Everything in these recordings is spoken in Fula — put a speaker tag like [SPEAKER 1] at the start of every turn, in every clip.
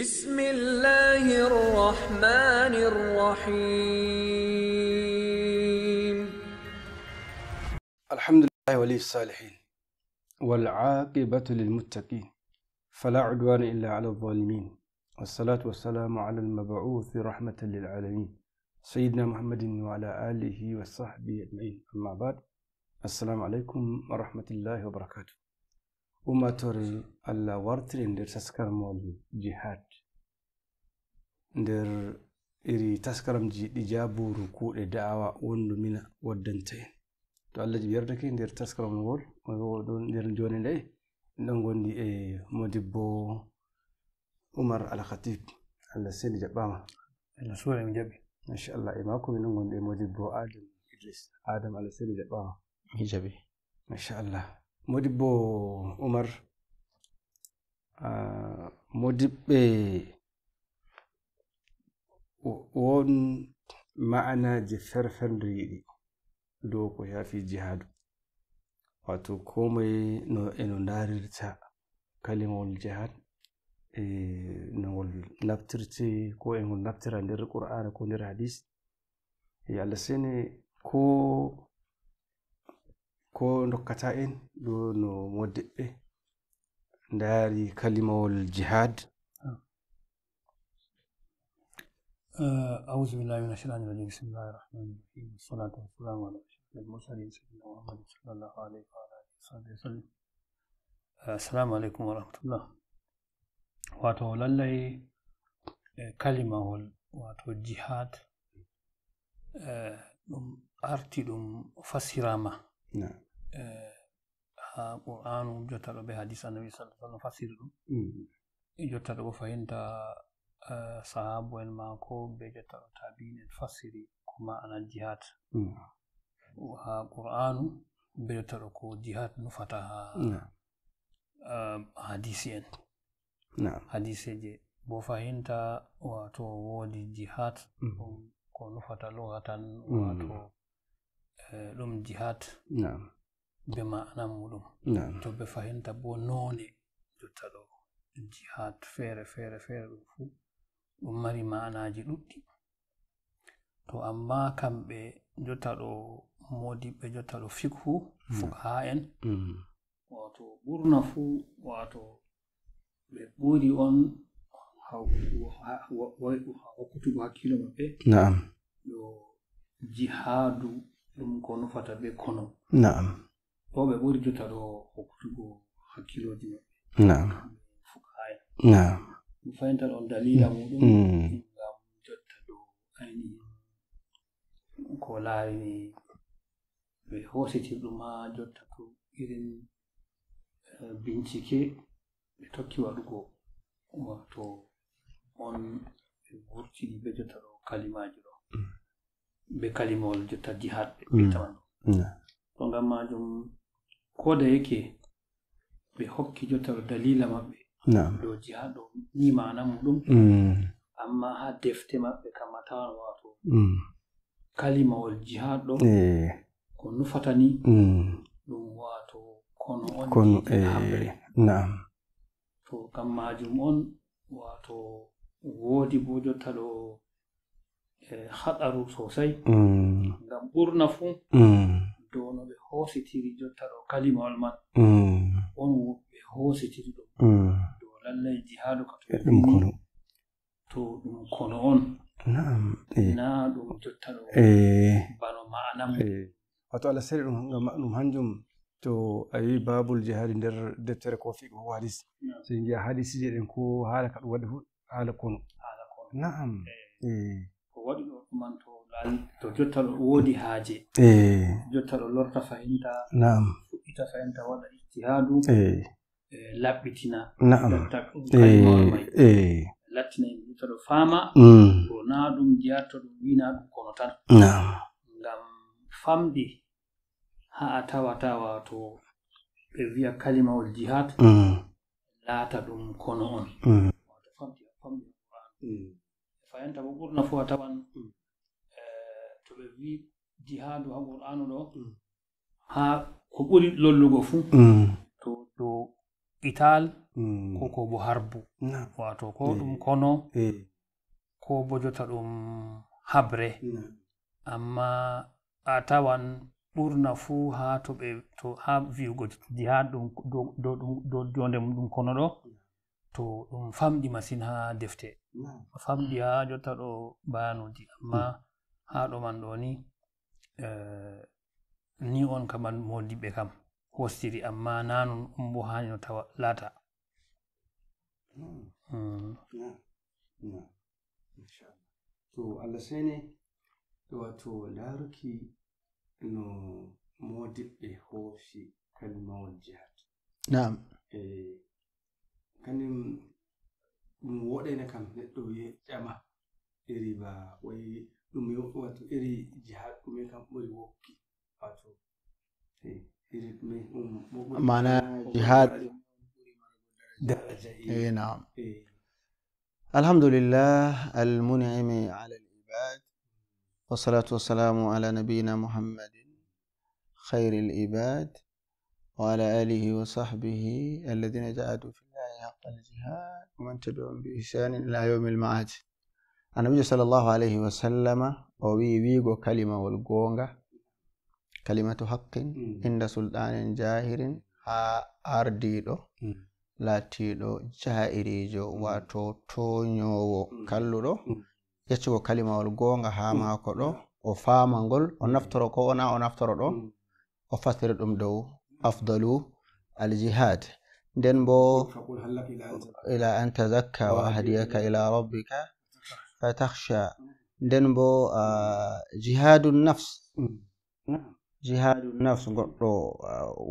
[SPEAKER 1] بسم
[SPEAKER 2] الله الرحمن الرحيم
[SPEAKER 1] الحمد لله ولي الصالحين والعاقبة للمتقين فلا عدوان إلا على الظالمين والصلاة والسلام على المبعوث رحمة للعالمين سيدنا محمد وعلى آله وصحبه أجمعين أما بعد السلام عليكم ورحمة الله وبركاته ummatore allah wartiri nder taskaramol jihad nder iri taskaramji ɗi jaburu kuuɗe da'awa wondu mina waddanta en to allah ji ɓe yardake nder taskaram ngol ɗon nder joni nde en ɗon gondi e modibbo umar alkhatib allah seni jaɓɓama allah suuna mi jaɓɓi machallah e makko min ɗon gondi e modibbo adam idris adam allah seni jaɓɓama mi jaɓi machallah Modibbo umar modiɓɓe won ma'anaji ferfendiri yiɗi dow ko yafi jihadu wato komai no eno ndarirta kalimawol jihad e no naftirte ko engol naftira nder qur'ana ko nder hadis e allah sene ko ko dokkata en do no modeɓɓe ndari kalimawol jihad
[SPEAKER 2] أعوذ بالله من الشيطان الرجيم بسم الله الرحمن الرحيم والصلاة والسلام على أشرف المرسلين سيدنا محمد صلى الله عليه وعلى آله وصحبه وسلم السلام عليكم ورحمة الله واتو للي كلمة واتو جهاد ɗum arti ɗum fasirama haa qur'aanu jotta ɗo ɓe hadis annabi sallah sallam fasirɗum jotta ɗo bo fahinta sahabu en maako be jotta ɗo tabin en fassiri ko ma'ana jihad haa qur'anu be jotta ɗo ko jihad nufata haa hadisi en hadise je bo fahinta wato woodi jihad ko nufata lugatan wato ɗum jihad be ma'ana muɗum to ɓe fahinta bo none jotta ɗo jihad feere feere feere ɗum fuu ɗum mari ma'anaji ɗuɗɗi to amma kamɓe jotta ɗo modi ɓe jotta ɗo fikhu fuk ha en mm. wato ɓurna fuu wato ɓe ɓuri on hokkutugo hakkilo maɓɓe naam yo jihadu ɗum ko nufata be kono naam pombe buri jutaro hokkutugo hakkiloji
[SPEAKER 1] maɓɓe
[SPEAKER 2] fukaya mi fayintan mm. mm. eh, on dalila muɗum ngam jotta dow ainihi ko laarini ɓe hositirɗum ha jotta to irin bincike ɓe tokki waɗugo wato on ɓe wurtini ɓe jotta ɗo kalimaji ɗo mm. be kalimawol jotta jihad ɓe ɓe tawan ɗo ngam majum koda yake ɓe hokki jotta ɗo dalila maɓɓe dow jiha ɗo ni mana muɗum mm. amma ha defte maɓɓe kam a tawan wato mm. kalimawol jiha ɗo eh. ko nufatani mm. ɗum wato kono on eh, naam to kam majum on wato woodi bo jotta ɗo eh, haɗaru sosai ngam ɓurna fuu dow no ɓe hositiri jotta ɗo kalimawol man mm. on woɓɓe hositiri mm. ɗo do lallay jihaadu ka toɗumkono e to ɗum kono on naam e na ɗum jotta ɗo e
[SPEAKER 1] bano manam wato alah seeɗe ɗum ɗum hanjum to a wi babol jihaadi nder deftere ko fii ko ko hadis so jiya hadis ije ɗen ko haala ka ɗum waɗi fu
[SPEAKER 2] haala kono haala kono naam ko waɗi ɗo ɗuman to to jottal woodi haaje eh. jottal o lorta fahinta naam fuɗɗita fahinta waɗa ijtihaadu eh. eh, laɓɓitina lattina yimɓe to ɗo faama mm. to naa ɗum jiya to ɗum wina ɗum kono tan naam ngam famɗi ha a tawata to ɓe wiya kalimawol jihad mm. laata ɗum kono on mm. wato famɗi famɗi fahinta bo ɓurna fu a tawan ɓe wi jihadu ha qur'anu ɗo mm. ha ko ɓuri lollugo fu mm. to ɗo ital mm. ko ko bo harbu wato ko ɗum kono ko bo jota ɗum habre amma a tawan ɓurna fu ha to ɓe to ha viwgo jihad ɗum ɗo jonde mum ɗum kono ɗo to ɗum famɗi masin ha defte famɗi ha jotta ɗo bayanuji amma mm. ha ɗo man ɗo ni eh, ni on kaman modiɓɓe kam hostiri amma nanon on bo hani no tawa lata hmm.
[SPEAKER 1] hmm. to allah sene ɗowato e laruki no modiɓɓe hofi kalimawol jihat naam e kanum ɗum woɗene kam neɗɗo yeƴƴama iriba e wai ɗum wato iri ɗume kam ɓuri wokki wato eh, mana jihad
[SPEAKER 3] اي نعم الحمد لله المنعم على العباد والصلاة والسلام على نبينا محمد خير العباد وعلى آله وصحبه الذين جاهدوا في الله حق الجهاد ومن تبعهم بإحسان إلى يوم المعاد annabijo sallllahu alayhi wasallama o wi wiigo kalimawol goonga kalimatu haqqin inda sulɗanin jahirin ha ardiɗo laatiɗo ja'irijo wato toñowo kalluɗo ƴeccugo kalimawol goonga ha maako ɗo o faama ngol o naftoro ko wona o naftoro ɗo o fasiri ɗum dow afdalu aljihad nden bo ila an tazakka wa ahdiyaka ila rabbika تخشى nden bo nafs jihadu nafs goɗɗo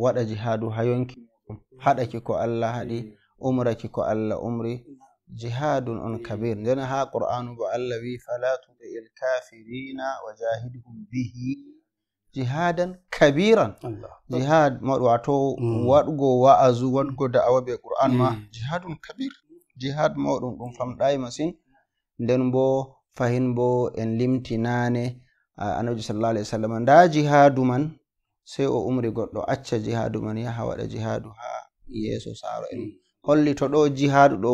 [SPEAKER 3] waɗa jihadu ha yonki muɗum haɗaki ko allah haɗi umraki ko allah umri jihadun on kabir nden ha qur'anu allah wi fala tudi il kafirina wa jahidhum bihi jihadan kabiran jihad wato waɗgo wa'azu waɗgo da'awa be qur'an ma jihadun kabir jihad mawɗum ɗum famɗayi masin nden bo fahin bo en limtinane annabijo sallah alah w sallam nda jihaadu man sey o umri goɗɗo acca jihaadu man yaha waɗa jihaadu ha yeeso saaro en holli to ɗo jihaadu ɗo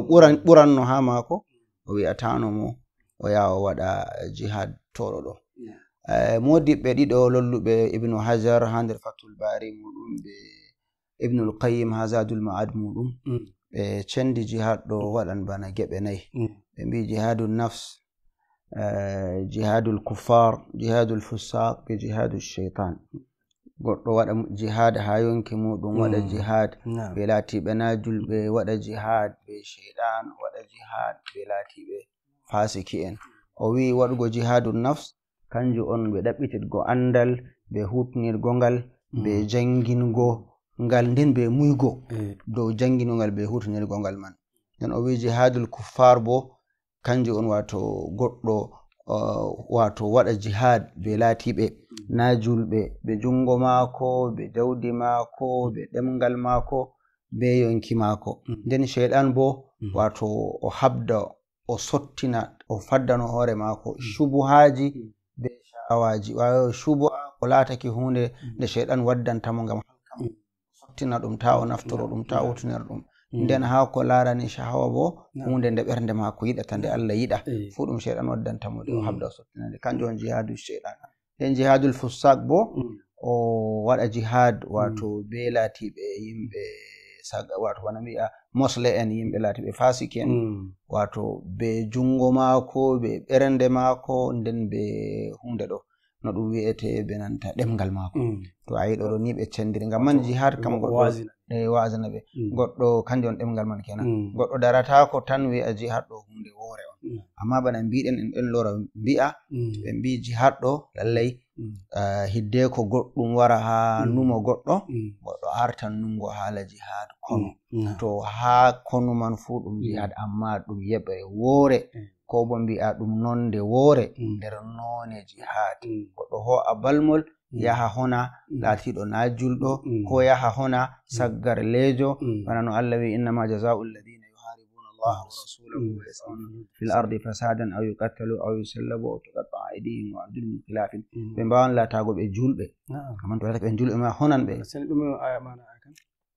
[SPEAKER 3] ɓuranno ha maako o wi'atano mo o yaha o waɗa jihad toɗo ɗo eh, modiɓɓe ɗiɗo lolluɓe ibnu hajar ha nder fatul bari muɗum ɓe ibnul qayim ha zadul ma'ad muɗum mm. ɓe cendi jihad ɗo waɗan bana geɓe nayi mm. ɓe mbi jihadu nafs eh, jihadu lkuffar jihadu lfussak be jihadu lcheitan goɗɗo waɗa jihada ha yonki muɗum waɗa mm, jihad ɓe latiɓe na julɓe waɗa jihad be sheiɗan waɗa jihad ɓe latiɓe fasiki en o wi waɗugo jihadu nafs kanju on ɓe ɗaɓɓitirgo andal ɓe hutnirgo ngal ɓe mm. jangingo ngal nden ɓe muygo eh. dow jangingo ngal ɓe hutnirgo ngal man nden o wi jihadu lkuffar bo kanjum on wato goɗɗo uh, wato waɗa jihad be laatiɓe na julɓe ɓe jungo maako ɓe dawdi maako ɓe ɗemgal maako be yonki maako mm. nden sheyɗan bo mm. wato o habda o sottina o faddano hoore maako mm. subuhaaji be sha'awaji wawa subu'a ko laataki hunde nde sheyɗan waddantamo ngam halkam sottina ɗum ta o naftoro ɗum ta wutinira ɗum Mm. nden ha ko larani e shahawa bo hunde nde ɓernde mako yiɗata nde allah yiɗa fu ɗum cheyɗan waddantamo ɗe o mm. habda o sottinande on jihadu cheyɗan nden jihadul fussak bo mm. o waɗa jihad wato be latiɓe yimɓe wato bana mbiya mosle en yimɓe latiɓe fasiki en wato be jungo maako be ɓerende maako nden be hunde ɗo no ɗum wi'ete be nanta ɗemgal maako to a yiɗo ɗo ni ɓe cendiri ngam man jihad kam goɗɗo e wasana ɓe mm. goɗɗo kanje on ɗemgal man kenan mm. goɗɗo daratako tan wi'a jihad ɗo hunde woore on mm. amma bana mbiɗen en ɗon lora mbi'a ɓe mbi jihad ɗo lallay hidde ko goɗɗum wara ha numo goɗɗo goɗɗo artan nungo haala jihad kono to ha konu man fuu ɗum jihad amma ɗum yeɓa e woore ko bo mbi'a ɗum nonde woore nder none jihad goɗɗo ho'a balmol Mm. yaha hona mm. laatiɗo na julɗo mm. ko yaha hona saggar leejo bana no allah wi innama jazau lladina yuharibuna allaha wa rasulahu wayasauna fi l ardi fasadan aw yukattalu aw yusallabu aw tukatta aidihim wa arjulu min kilafin ɓe mbawan laatago ɓe julɓe aman towaɗata ɓe julɓe ma honan ɓe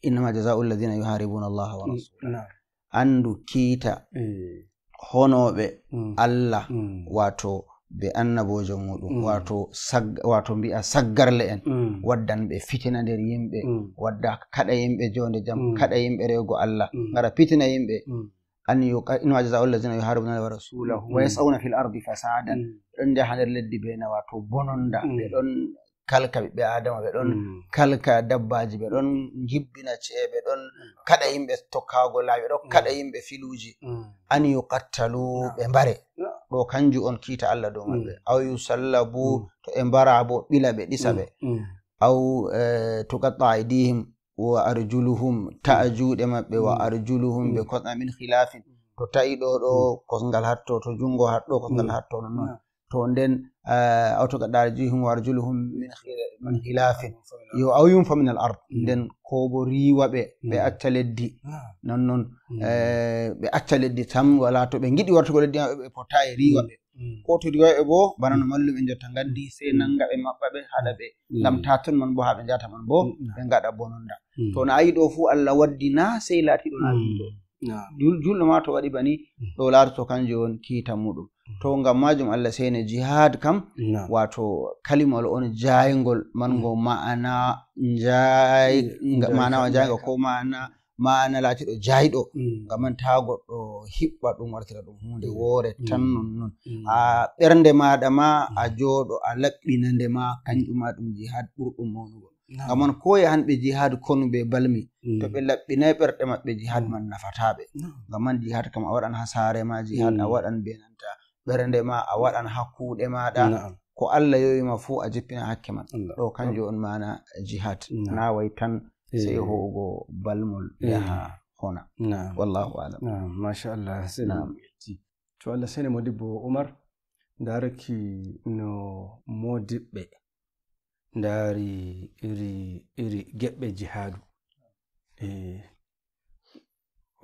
[SPEAKER 3] innama jazau lladina yuharibuna allaha wa rasulah andu kiita eh. honoɓe allah wato be annabojo muɗum mm. wato wato mbi'a saggarle en mm. waddan ɓe fitina nder yimɓe mm. wadda kaɗa yimɓe jonde jam mm. kaɗa yimɓe rego allah mm. gara fitina yimɓe mm. an inajaza allazina yuharibunala wa rasulahu mm. wayasauna fi l ardi fasadan ɓeɗon mm. jaha nder leddi bena wato bononda ɓeɗon mm. kalka ɓiɓɓe adama ɓeɗon mm. kalka dabbaji ɓeɗon jibbina ce'e ɓeɗon mm. kaɗa yimɓe tokkago laaɓi ɓeɗon mm. kaɗa yimɓe filuji mm. an yuqattalu ah. ɓe mbare no. Ah. ɗo kanju on kiita allah dow maɓɓe mm. aw yusalla bo mm. to ɓe mbara bo ɓila ɓe ɗisa mm. ɓe aw e, to gatta aidihim wa arjuluhum ta'a juuɗe maɓɓe wa arjuluhum ɓe kosɗa min hilafin to ta'i ɗo ɗo kosngal hatto to jungo hatɗo kosngal hatto nonnon to nden Eh, awto gaɗɗare jeyihum wara juluhum min hilafin yo awyum fa min al ard mm. nden kobo riwaɓe mm. ah. mm. eh, ɓe acca leddi nonnoon ɓe acca leddi tam wala to ɓe giɗi wartugo leddi maɓɓe ɓe pota e riwaɓe ko to riwaɓe bo bana no malluɓe jotta gandi sey nanga ɓe maɓɓa ɓe haɗa ɓe ngam taton man bo ha ɓe jata man bo ɓe gaɗa bononda to no ayi ɗo fuu allah waddi na sey laatiɗo naɗum ɗo julɗo ma to waɗi bani mm. ɗo laatoto kanjum on kiita muɗum mm. to ngam majum allah seine jihad kam wato kalimol on jayigol mango mm. maana jamanawa jaigo ko maana maana laatiɗo jayɗo ngaman ta goɗɗo hiɓɓa ɗum wartira ɗum hunde woore tan nonnon a ɓernde maɗa ma a jooɗo a laɓɓinande ma kanjum ma ɗum jihad ɓurɗum mawnugol ngaman ko yahanɓe jihad konuɓe balmi to mm. ɓe laɓɓinai ɓerɗe maɓɓe jihad man nafataɓe ngam man jihad kam a waɗan ha saare ma jihad a mm. waɗan be nanta ɓernde ma a waɗan ha kuuɗe maɗa ko allah yowima fuu a jippina hakke man ɗo kanjum on mana jihad na wai tan eh. sey hoogo balmol eh. yaha hona wallahu alam machallah senamti
[SPEAKER 1] to allah sene modibbo umar ndaaraki no modiɓɓe ndaari iri iri geɓɓe jihadu E,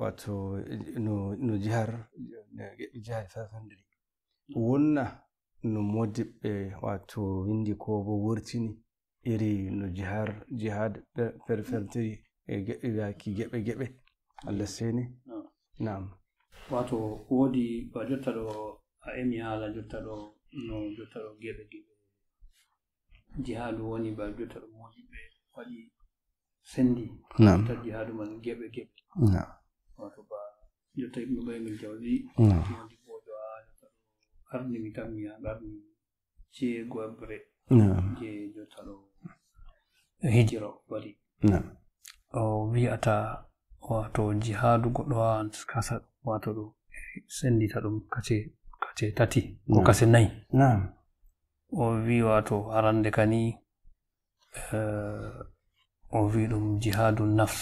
[SPEAKER 1] wato no jihar geɓe jihar fafandiri mm. wonna no modiɓɓe wato windi ko bo wurtini iri no jihar jihad ferfertiri e geɓe yaki geɓe geɓe allah seni nam
[SPEAKER 2] wato woodi ba jotta ɗo a emi haala jotta ɗo no jotta ɗo geɓe geɓe jihadu woni ba jotta ɗo modiɓɓe waɗi sendi tagi ha ɗumal geɓe geɓe wato ba jotta ɓe ɓaygol jawdi tiwodi bojo haa arnimi tammi a arni ceego abre e je jotta ɗo hijiro waɗi o wi'ata wato jihaadu goɗɗo ha kasa wato ɗo sendita ɗum kace kace tati ko kase nayi o wi wato arande kani eh, وفي ɗum jihadu nafs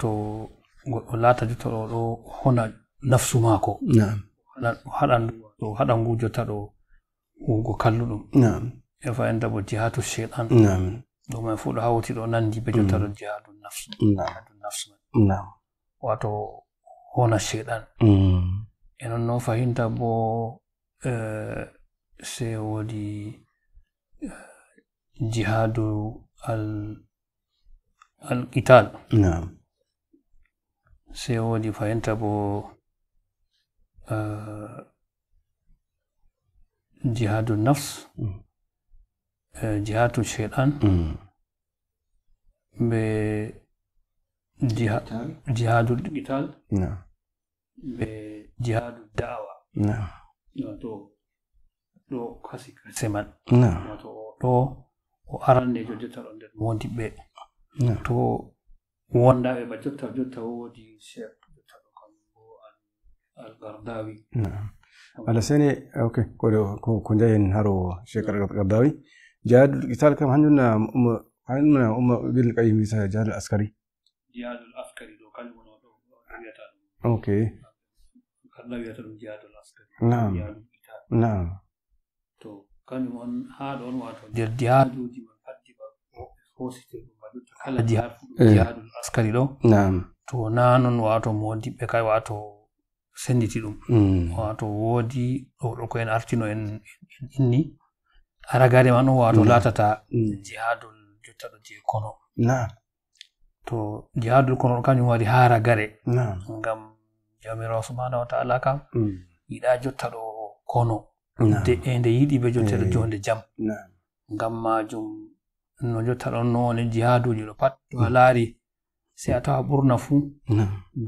[SPEAKER 2] to goɗɗo laata jotta ɗo ɗo hona nafsu maako o haɗan ngu jotta ɗo hugo kalluɗum e fayinta bo jihatu cheytan ɗumen fuu ɗo hawti ɗo nandi be jotta ɗo jihadu nafsu nafsu man wato hona cheytan e non noon fahinta bo se woodi uh, جهاد القتال نعم سيودي فينتبو آه، جهاد النفس آه، جهاد الشيطان نعم. ب جهاد القتال نعم بجهاد الدعوة نعم نعم نعم نعم نعم نعم ɗo o arannejo jottata ɗon nden wondi ɓe to wondaɓe ba jotta jotta woodi chef jotta ɗo kanjum bo algardawi
[SPEAKER 1] ala sene ok ko jayen haro cheikh algardawi jihadul qital kam hanjumna hanjumna umma ibn alqayyim wiyata jihadul askari
[SPEAKER 2] jihadul askari ɗo kanjum wona ɗo wiyata ɗum ok garda wiyata ɗum jihadul askari naam naam kañum on haa ɗon wato nder jihaaduji man faddi ba woɓɓe hositir ɗum waɗutta kala jihaad askari ɗo to naa noon wato modiɓɓe kay wato senditi ɗum hmm. wato woodi ɗo ɗo ko en artino en inni aragare man on wato hmm. laatata hmm. jihadul jotta ɗo je kono to jihadul kono ɗo kañum wari haa ragare ngam jamirawo subhanahu wa taala kam yiɗa jotta ɗo kono nde ende yiɗi ɓe eh. jonde jam ngam majum no jotta ɗon noone jihaduji ɗo pat to a mm. laari sai a tawa ɓurna fuu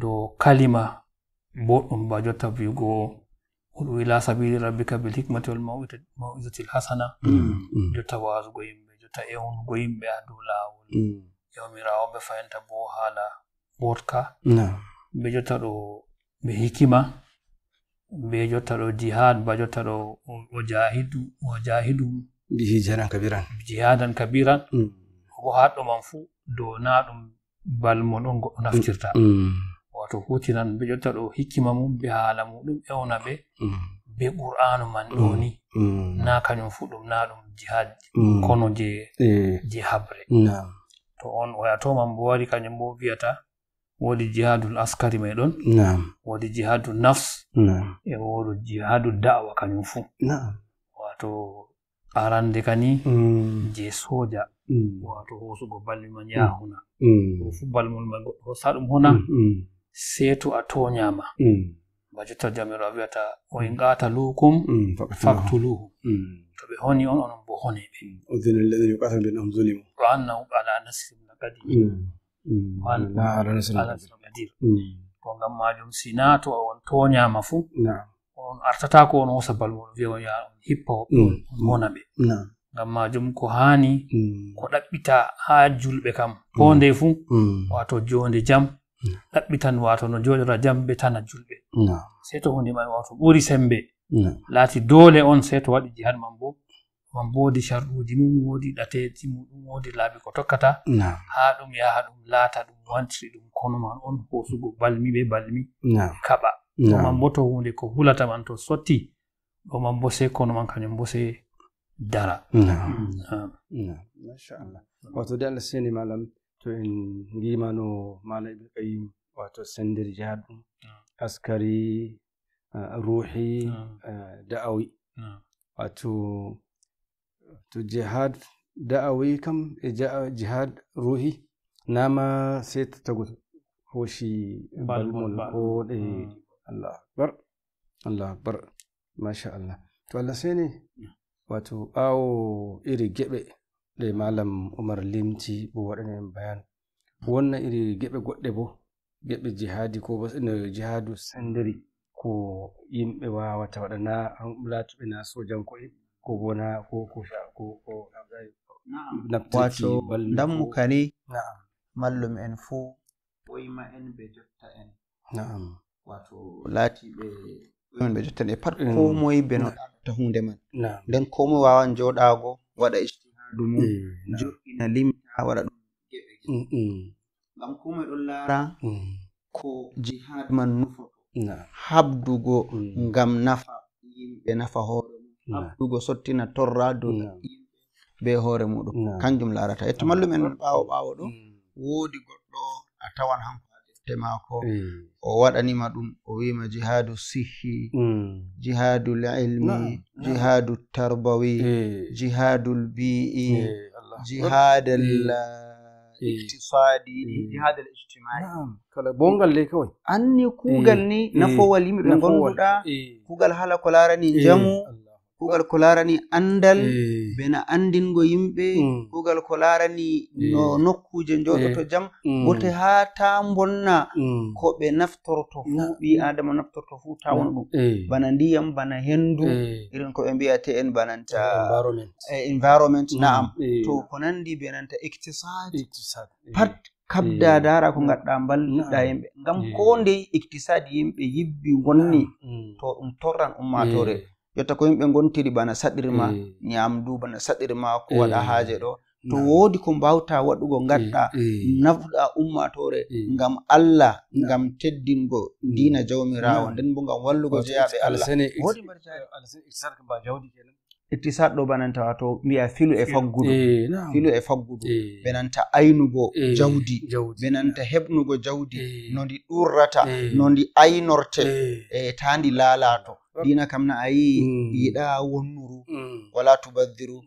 [SPEAKER 2] do kalima boɗɗum ba jotta wigo uɗu ila sabili rabbika bil hikmati wal mawizatil hasana mm, mm. jotta wasugo yimɓe jotta ewnugo yimɓe ha dow laawol yawmirawo ɓe fayanta bo haala botka ɓe jotta ɗo ɓe hikima be jottaɗo jihad ba jottaɗo o jahidu o jahidu bihi kabiran jihadan kabiran ko mm. haɗɗo man fuu do na ɗum balmon on goɗɗo naftirta mm. mm. wato hutinan be jotta ɗo hikkima mum be haala muɗum ewna ɓe be qur'anu man ɗo ni na kañum fu ɗum na ɗum jihad kono je eh. je habre to on oyatoman bo wari kañum bo wiyata woodi jihadul askari mai ɗon woodi jihadu nafs e woodi jihadu da'wa kañum fuu wato arande kani mm. je soja mm. wato hosugo balmi man mm. yahuna o fu balmol ma goɗɗo hosa ɗum hona sei to a toñama ba jotta jamiro a wiyata o in qatalukum faktuluhum to ɓe honi on onon bo honeɓe wa annahum ala nasrim lakadi
[SPEAKER 1] to
[SPEAKER 2] ngam majum sina to on toñama fuu on artata ko on hosa balmol wiya on yaa hippa mm. on mona ɓe ngam majum ko hani mm. ko ɗaɓɓita ha julɓe kam ko nde mm. fuu wato jonde jam ɗaɓɓitan wato no joɗora jam be tana julɓe sei to hunde man wato ɓuri sembe laati doole on sei to waɗi jihad man bo on woodi sharruuji mum woodi ɗateeji muɗum woodi laabi ko tokkata haa ɗum yaha ɗum laata ɗum wantiri ɗum kono man on hoosugo balmi be balmi kaɓa ɗo man bo to hunde ko hulata man to sotti ɗo man bo sey kono man kañum bo sey dara mm,
[SPEAKER 1] machallah wato de allah seni malam to en ngima no mala ibnu qayim wato sendiri jaaɗum askari ah, ruhi ah, da'awi wato to jihad da'awi kam eh, jihad ruhi nama sai ta tagu ko shi balmul ko da Allah akbar Allah bar masha Allah to Allah sai ne wato bawo iri gebe da malam Umar Limti bo waɗannan bayan wannan iri gebe godde bo gebe jihadi ko ba jihadu sandari ko yimɓe wawata waɗana an ɓulatu ina sojan koyi
[SPEAKER 3] kuona wato dan mukani mallum en fuu ɓoyma en ɓe jotta en wato laati ɓe ɗumen ɓe jotta ɗe pat ko moye be no ɗaɗata hunde man nden ko moye wawan joɗago waɗa ijtihadu mum joɗɗina limta waɗa ɗum geɓe ngam ko moye ɗon laara ko jihad man nufoto habdugo ngam nafa yimɓe nafa hoore abdugo sottina torrado be hoore muɗum kanjum larata etto mallum en ɓaawo ɓaawo ɗo mm. woodi goɗɗo a tawan hanko adefte maako mm. o waɗanima ɗum o wiima jihadu sihi mm. jihadu lilmi jihadu tarbawi eh. jihadu lbii eh, jihadal eh. iqtisadi jihadal ijtimai kala bongal le kawai anni kuugal ni nafowal yimɓe ɓe gonduɗa kuugal hala ko larani jamu kugal ko larani andal eh. bena andingo yimɓe mm. kugal ko larani eh. no nokkuje joɗoto eh. jam mm. bote ha ta bonna mm. ko ɓe naftorto fu ɓi adama naftorto fu ta won ɗum bana ndiyam bana hendu irin ko ɓe mbiyate en bananta environment na'am to ko nandi nanta ictisad pat kabda dara ko gadda balliɗa yimɓe ngam ko ndey ictisad yimɓe yibbi wonni to ɗum torran ummatore yotta ko yimɓe gontiri bana saɗirma ñamdu mm. bana saɗirma ko eh. waɗa haaje ɗo to woodi ko mbawta waɗugo gaɗɗa eh, eh. nafɗa ummatore ngam allah ngam teddingo mm. dina jawmirawo nden bo ngam wallugo jeyaɓe
[SPEAKER 1] allahittisatɗo
[SPEAKER 3] bananta wato mbiya filu e faggudu filu e faggudu ɓe nanta aynugo jawdi ɓe nanta heɓnugo jawdi no ndi ɗurrata no ndi aynorte e ta ndi laalato dina kam na a yi mm. yiɗa wonnuru mm. wala tubadiru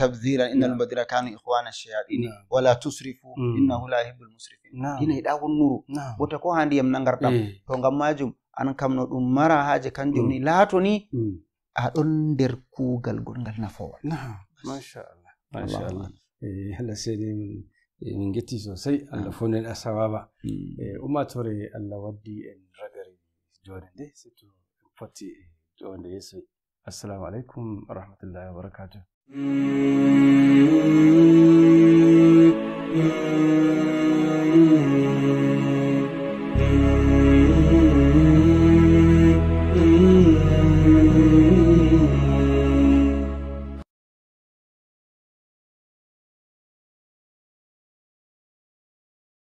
[SPEAKER 3] tabziran inna lmubadira kanu ihwana shayaɗini wala tusrifu mm. innahu la yuhibu lmusrifin dina yiɗa wonnuru wota ko handiyam nangarɗam eh. to ngam majum an kam no ɗum mara haaje kanjum ni laato ni aɗon nder kuugal goɗgal nafowal mashallah eh, allah seni min
[SPEAKER 1] e getti sosai allah fonen asawaba eh, ummatore allah waddi en ragari jode nde surtout fati to wanda ya sai assalamu alaikum rahmatullahi wa barakatuh mm-hmm.